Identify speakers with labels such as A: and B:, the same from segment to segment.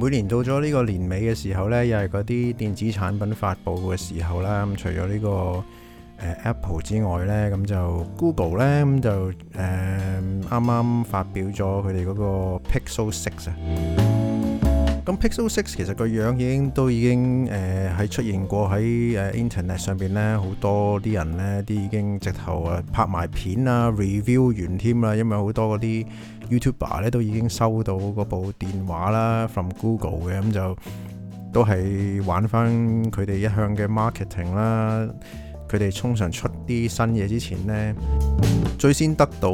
A: 每年到咗呢個年尾嘅時候呢，又係嗰啲電子產品發布嘅時候啦。咁除咗呢個、呃、Apple 之外呢，咁就 Google 呢，咁就誒啱啱發表咗佢哋嗰個 Pixel Six 啊。咁 Pixel Six 其實個樣已經都已經誒喺出現過喺誒 Internet 上邊咧，好多啲人咧啲已經直頭啊拍埋片啊 review 完添啦，因為好多嗰啲 YouTuber 咧都已經收到嗰部電話啦 from Google 嘅，咁就都係玩翻佢哋一向嘅 marketing 啦。佢哋通常出啲新嘢之前咧。最先得到誒，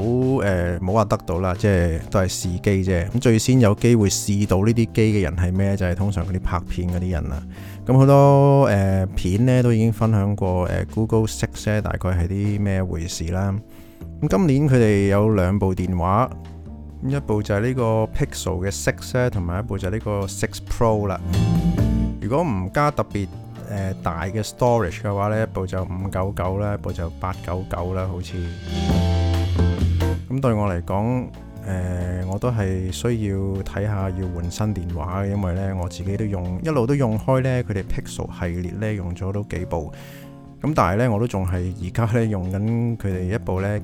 A: 冇、呃、話得到啦，即係都係試機啫。咁最先有機會試到呢啲機嘅人係咩？就係、是、通常嗰啲拍片嗰啲人啦。咁好多、呃、片呢，都已經分享過、呃、Google Six、啊、大概係啲咩回事啦？咁今年佢哋有兩部電話，一部就係呢個 Pixel 嘅 Six，同埋一部就係呢個 Six Pro 啦、啊。如果唔加特別、呃、大嘅 Storage 嘅話呢，一部就五九九啦，一部就八九九啦，好似。對我嚟講、呃，我都係需要睇下要換新電話嘅，因為呢我自己都用一路都用開呢佢哋 Pixel 系列呢用咗都幾部。咁但係呢我都仲係而家呢用緊佢哋一部呢誒、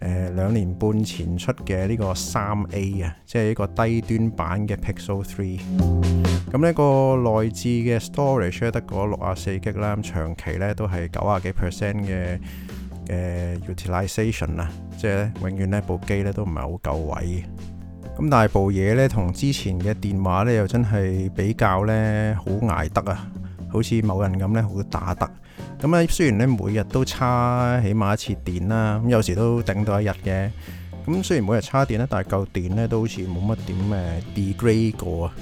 A: 呃、兩年半前出嘅呢個三 A 啊，即係一個低端版嘅 Pixel Three。咁呢個內置嘅 Storage 得嗰六啊四 G 啦，長期呢都係九啊幾 percent 嘅。誒 utilization 啊，即係永遠呢部機咧都唔係好夠位，咁但係部嘢咧同之前嘅電話咧又真係比較咧好捱得啊，好似某人咁咧好打得，咁咧雖然咧每日都差起碼一次電啦，咁有時都頂到一日嘅，咁雖然每日差電咧，但係夠電咧都好似冇乜點誒 degrade 過啊。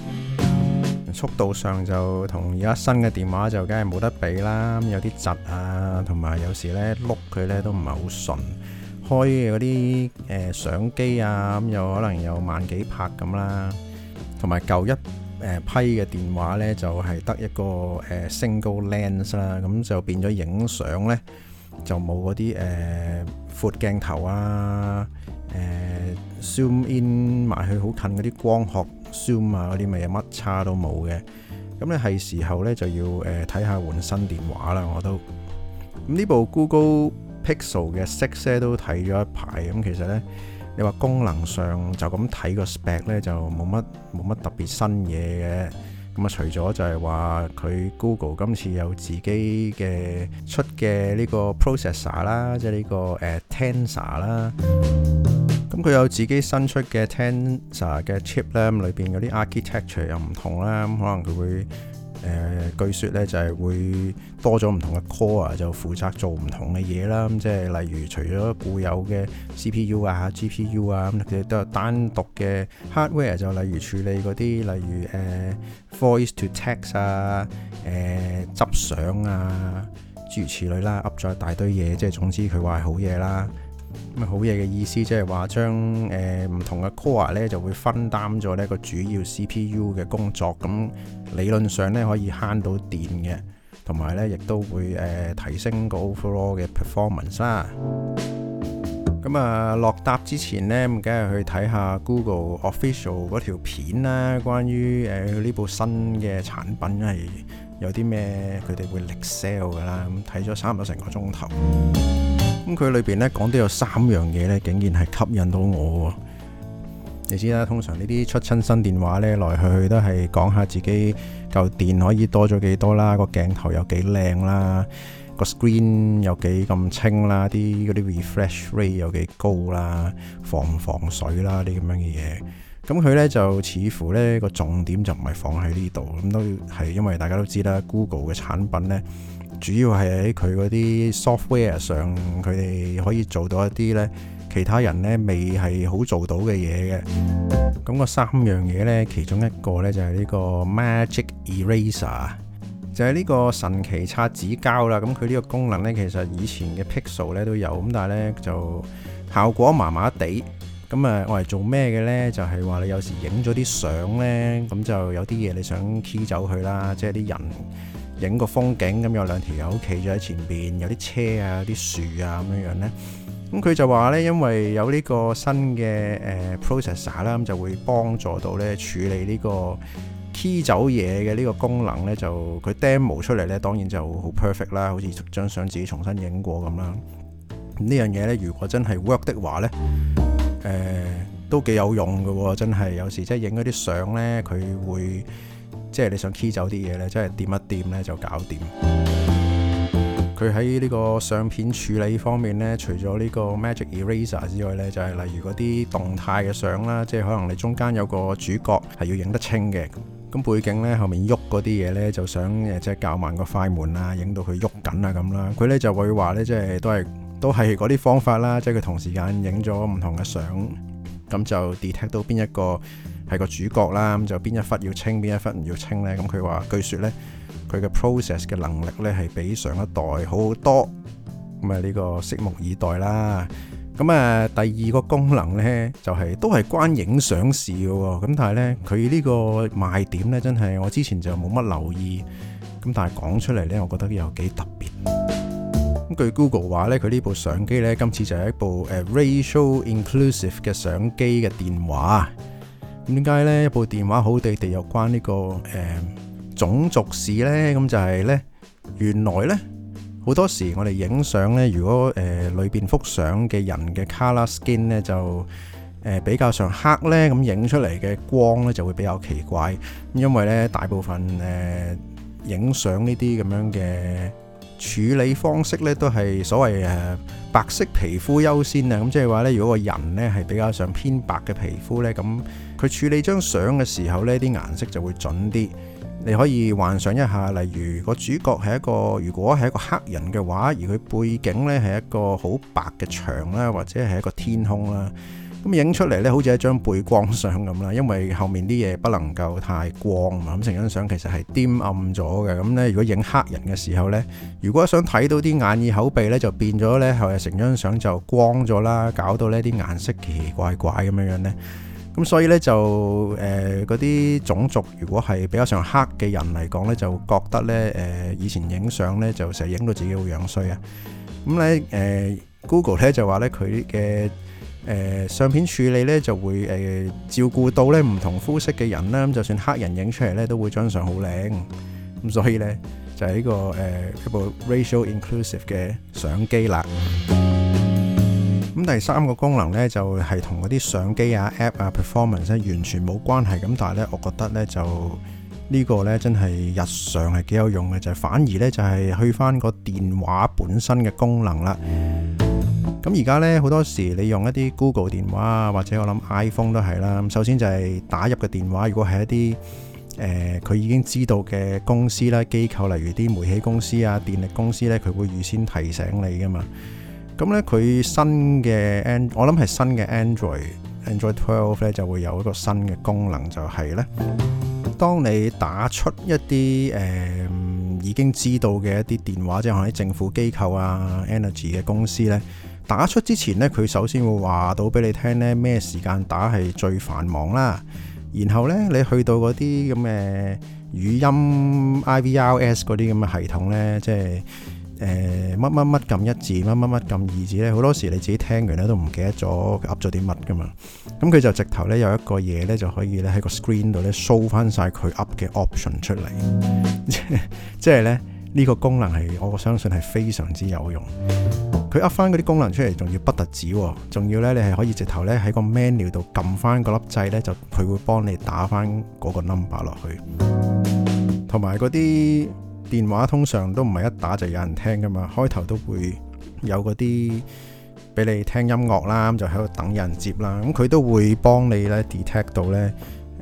A: 速度上就同而家新嘅電話就梗係冇得比啦，有啲窒啊，同埋有時咧碌佢咧都唔係好順，開嗰啲誒相機啊，咁有可能又慢幾拍咁啦。同埋舊一誒批嘅電話咧，就係得一個誒 single lens 啦，咁就變咗影相咧就冇嗰啲誒闊鏡頭啊，誒 zoom in 埋去好近嗰啲光學。Zoom 啊嗰啲咪乜差都冇嘅，咁咧係時候咧就要誒睇下換新電話啦。我都咁呢部 Google Pixel 嘅 Six 都睇咗一排，咁其實咧你話功能上就咁睇個 spec 咧就冇乜冇乜特別新嘢嘅，咁啊除咗就係話佢 Google 今次有自己嘅出嘅呢個 processor 啦，即係呢個誒 Tensor 啦。咁佢有自己新出嘅 Tensor 嘅 chip 咧，裏邊嗰啲 architecture 又唔同啦，咁可能佢會誒、呃，據說咧就係會多咗唔同嘅 core 就負責做唔同嘅嘢啦，咁即係例如除咗固有嘅 CPU 啊、GPU 啊，咁佢都有單獨嘅 hardware 就例如處理嗰啲，例如誒、呃、voice to text 啊，誒、呃、執相啊，諸如此類啦，up 咗一大堆嘢，即係總之佢話係好嘢啦。好嘢嘅意思即係話將誒，唔同嘅 core 咧就會分擔咗呢個主要 CPU 嘅工作，咁理論上咧可以慳到電嘅，同埋咧亦都會誒、呃、提升個 overall 嘅 performance 啦。咁啊落搭之前呢，咁梗係去睇下 Google official 嗰條片啦，關於誒呢部新嘅產品係有啲咩，佢哋會力 sell 噶啦。咁睇咗差唔多成個鐘頭。咁佢裏邊咧講都有三樣嘢咧，竟然係吸引到我啊。你知啦，通常呢啲出親新電話咧，來去去都係講下自己嚿電可以多咗幾多啦，個鏡頭有幾靚啦，個 screen 有幾咁清清啦，啲啲 refresh rate 有幾高啦，防唔防水啦，啲咁樣嘅嘢。咁佢咧就似乎咧個重點就唔係放喺呢度，咁都係因為大家都知啦，Google 嘅產品咧，主要係喺佢嗰啲 software 上，佢哋可以做到一啲咧，其他人咧未係好做到嘅嘢嘅。咁嗰三樣嘢呢，其中一個呢，就係呢個 Magic Eraser，就係呢個神奇擦紙膠啦。咁佢呢個功能呢，其實以前嘅 Pixel 咧都有，咁但係呢就效果麻麻地。咁啊，我係做咩嘅呢？就係話你有時影咗啲相呢，咁就有啲嘢你想 key 走佢啦，即係啲人。影個風景咁有兩條友企咗喺前邊，有啲車啊，有啲樹啊咁樣樣咧。咁佢就話咧，因為有呢個新嘅誒 processor 啦，咁就會幫助到咧處理呢個 key 走嘢嘅呢個功能咧，就佢 demo 出嚟咧，當然就好 perfect 啦，好似張相自己重新影過咁啦。咁呢樣嘢咧，如果真係 work 的話咧，誒都幾有用㗎喎。真係有時即係影嗰啲相咧，佢會。即係你想 key 走啲嘢呢，即係掂一掂呢，就搞掂。佢喺呢個相片處理方面呢，除咗呢個 Magic Eraser 之外呢，就係例如嗰啲動態嘅相啦，即係可能你中間有個主角係要影得清嘅，咁背景呢，後面喐嗰啲嘢呢，就想即係校慢個快門啊，影到佢喐緊啊咁啦。佢呢就會話呢，即係都係都係嗰啲方法啦，即係佢同時間影咗唔同嘅相，咁就 detect 到邊一個。係個主角啦，咁就邊一忽要清，邊一忽唔要清呢？咁佢話：據說呢，佢嘅 process 嘅能力呢係比上一代好好多，咁啊呢個拭目以待啦。咁啊，第二個功能呢，就係、是、都係關影相事嘅喎。咁但係呢，佢呢個賣點呢，真係我之前就冇乜留意，咁但係講出嚟呢，我覺得又幾特別。咁據 Google 話呢，佢呢部相機呢，今次就係一部 racial inclusive 嘅相機嘅電話。點解咧？部電話好地地有關呢個誒種族事咧？咁就係咧，原來咧好多時我哋影相咧，如果誒裏邊幅相嘅人嘅 color skin 咧就誒比較上黑咧，咁影出嚟嘅光咧就會比較奇怪，因為咧大部分誒影相呢啲咁樣嘅。處理方式咧都係所謂誒白色皮膚優先啊，咁即係話咧，如果個人咧係比較想偏白嘅皮膚咧，咁佢處理張相嘅時候咧啲顏色就會準啲。你可以幻想一下，例如個主角係一個，如果係一個黑人嘅話，而佢背景咧係一個好白嘅牆啦，或者係一個天空啦。咁影出嚟咧，好似一張背光相咁啦，因為後面啲嘢不能夠太光啊，咁成張相其實係顛暗咗嘅。咁咧，如果影黑人嘅時候咧，如果想睇到啲眼耳口鼻咧，就變咗咧，係成張相就光咗啦，搞到咧啲顏色奇奇怪怪咁樣樣咧。咁所以咧就誒嗰啲種族，如果係比較上黑嘅人嚟講咧，就覺得咧誒以前影相咧就成日影到自己好樣衰啊。咁咧誒 Google 咧就話咧佢嘅。誒、呃、相片處理咧就會誒、呃、照顧到咧唔同膚色嘅人啦，咁就算黑人影出嚟咧都會張相好靚，咁所以咧就係、是、呢、這個誒一部 racial inclusive 嘅相機啦。咁、嗯、第三個功能咧就係同嗰啲相機啊、App 啊、啊 performance 咧、啊、完全冇關係，咁但係咧我覺得咧就這個呢個咧真係日常係幾有用嘅，就是、反而咧就係、是、去翻個電話本身嘅功能啦。咁而家咧，好多時你用一啲 Google 電話啊，或者我諗 iPhone 都係啦。咁首先就係打入嘅電話，如果係一啲誒佢已經知道嘅公司啦、機構，例如啲煤氣公司啊、電力公司咧，佢會預先提醒你㗎嘛。咁咧，佢新嘅 Android，我諗係新嘅 Android Android Twelve 咧，就會有一個新嘅功能，就係咧，當你打出一啲誒已經知道嘅一啲電話，即係可能喺政府機構啊、Energy 嘅公司呢，打出之前呢，佢首先會話到俾你聽呢，咩時間打係最繁忙啦。然後呢，你去到嗰啲咁嘅語音 IVRS 嗰啲咁嘅系統呢，即係。誒乜乜乜撳一字，乜乜乜撳二字咧，好多時你自己聽完咧都唔記得咗噏咗啲乜㗎嘛。咁佢就直頭咧有一個嘢咧就可以咧喺個 screen 度咧 show 翻晒佢噏嘅 option 出嚟，即係咧呢個功能係我相信係非常之有用。佢噏翻嗰啲功能出嚟，仲要不特止，仲要咧你係可以直頭咧喺個 menu 度撳翻嗰粒掣咧，就佢會幫你打翻嗰個 number 落去，同埋嗰啲。電話通常都唔係一打就有人聽噶嘛，開頭都會有嗰啲俾你聽音樂啦，咁就喺度等人接啦。咁佢都會幫你咧 detect 到咧，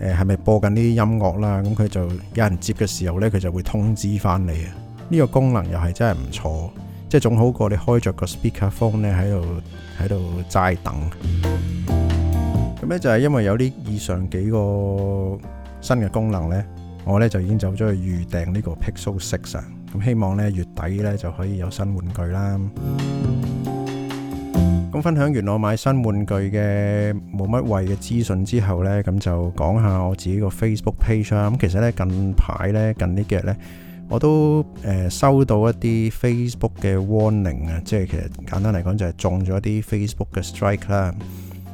A: 誒係咪播緊啲音樂啦？咁佢就有人接嘅時候咧，佢就會通知翻你啊。呢個功能又係真係唔錯，即係總好過你開着個 speakerphone 咧喺度喺度齋等。咁咧 就係因為有啲以上幾個新嘅功能咧。我咧就已經走咗去預訂呢個 Pixel Six 啊。咁希望咧月底咧就可以有新玩具啦。咁 分享完我買新玩具嘅冇乜謂嘅資訊之後咧，咁就講下我自己個 Facebook page 啦。咁其實咧近排咧近呢幾日咧，我都誒收到一啲 Facebook 嘅 warning 啊，即係其實簡單嚟講就係中咗一啲 Facebook 嘅 strike 啦。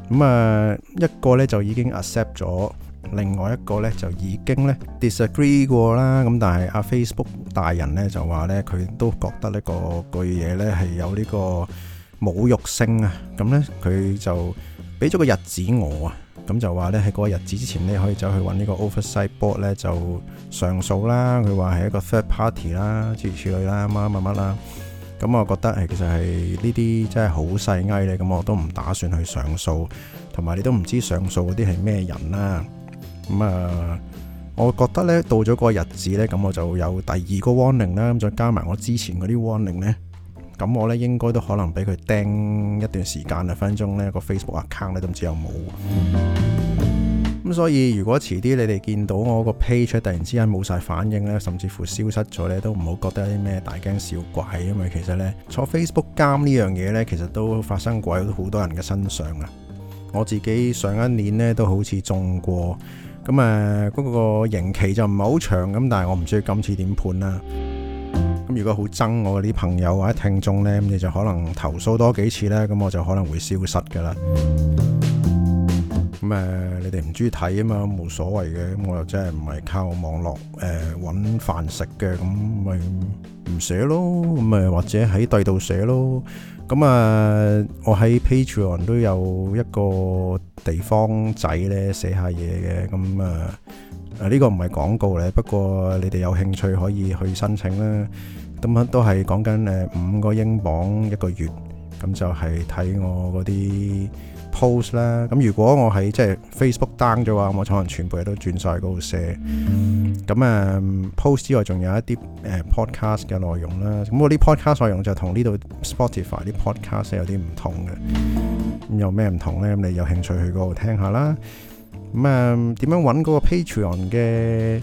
A: 咁啊一個咧就已經 accept 咗。另外一個咧就已經咧 disagree 過啦。咁但係阿 Facebook 大人咧就話咧，佢都覺得呢個句嘢咧係有呢個侮辱性啊。咁咧佢就俾咗個日子我啊，咁就話咧喺嗰個日子之前咧可以走去揾呢個 oversight board 咧就上訴啦。佢話係一個 third party 啦，諸如此類啦，乜乜乜啦。咁我覺得係其實係呢啲真係好細埃咧。咁我都唔打算去上訴，同埋你都唔知上訴嗰啲係咩人啦。咁、嗯、啊，我覺得咧，到咗嗰個日子咧，咁我就有第二個 warning 咧，咁再加埋我之前嗰啲 warning 咧，咁我咧應該都可能俾佢釘一段時間啊分鐘咧、呢個 Facebook account 咧都唔知有冇。咁 所以如果遲啲你哋見到我個 page 突然之間冇晒反應咧，甚至乎消失咗咧，都唔好覺得有啲咩大驚小怪，因為其實咧坐 Facebook 監呢樣嘢咧，其實都發生過喺好多人嘅身上啊。我自己上一年咧都好似中過。咁誒，嗰個刑期就唔係好長，咁但係我唔知今次點判啦。咁如果好憎我啲朋友或者聽眾呢，咁你就可能投訴多幾次呢，咁我就可能會消失㗎啦。咁誒，你哋唔中意睇啊嘛，冇所謂嘅。咁我又真係唔係靠網絡誒揾飯食嘅，咁咪唔寫咯。咁誒，或者喺第二度寫咯。咁啊，我喺 Patreon 都有一個地方仔咧寫下嘢嘅。咁啊，誒呢個唔係廣告咧，不過你哋有興趣可以去申請啦。咁啊，都係講緊誒五個英鎊一個月。咁就係睇我嗰啲 post 啦。咁如果我喺即係 Facebook down 咗話，我可能全部嘢都轉晒嗰度寫。咁、mm. 啊、嗯、，post 之外仲有一啲誒、呃、podcast 嘅內容啦。咁我啲 podcast 內容就 Spotify, 同，同呢度 Spotify 啲 podcast 有啲唔同嘅。咁有咩唔同咧？咁你有興趣去嗰度聽下啦。咁啊，點、嗯、樣揾嗰個 Patreon 嘅？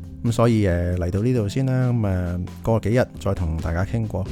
A: 咁所以誒嚟到呢度先啦，咁誒過幾日再同大家傾過。